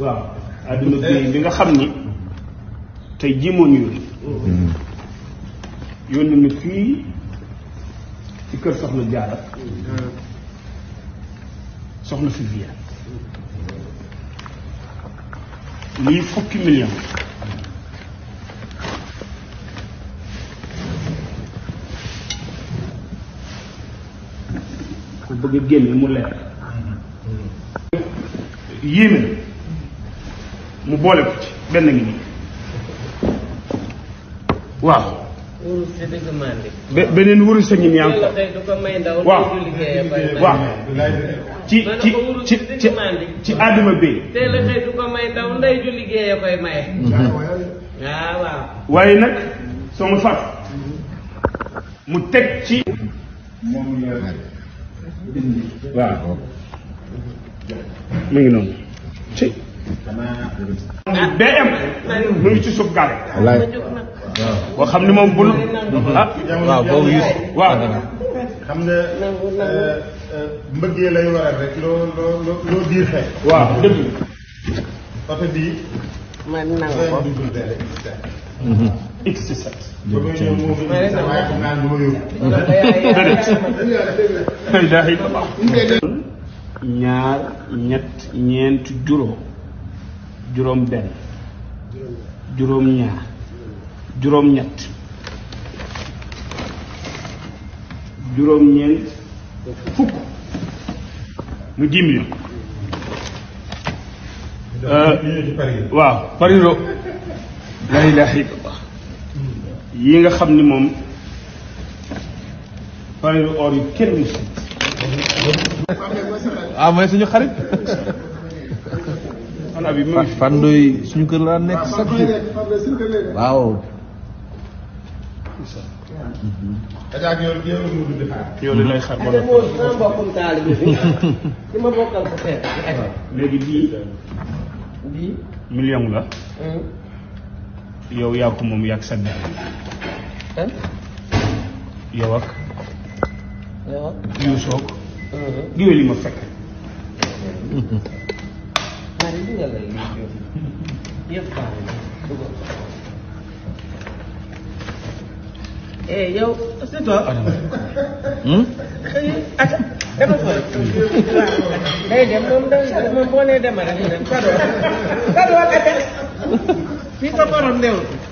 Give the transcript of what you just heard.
waaw adduna bi bi nga xam ni tey jii moo ñu yónni fii ci kër soxna Jaara soxna Viviane lii fukki million ku bëgg a mu leer yéeme mu boole ko ci benn ngi nii waaw. beneen wurus a ngi nii encore waaw waaw ci ci ci ci ci àdduma bi. waaye nag soo ma mu teg ci. waaw mu ngi noonu. DM mu ci suuf gaale. boo xam ne moom bul. ah waaw boobu yus. waaw xam euh, lay waral rek loo loo loo waaw dëgg la. oto bii. man nangu ko mm-hmm. X7. ñaar ñett ñeent juróom. juróom benn juróom ñaar juróom ñett juróom ñeent fukk mu dix millions euh, waaw pariro la ilaha illallah yi nga xam ni moom pariro or yu kenn waaw ah, mooy suñu xarit Fandoy suñu kër la nekk sax waaw. dajaag yow yow la ñu dund xaar. yow li lay xaar ba sama mbokkum taalibe bi ki ma bokkal ko xeet léegi bii bii million la. yow yaa ko moom yaa ko sa nekk. yow ak. yow ak. yow soog. géwél yi ma fekk. Sarılalı eh yow c'est toi. ata dama sori. day dem moom da moom boo nee demal rek dem Kadoo Kadoo ak Ata. fii sa borom newul.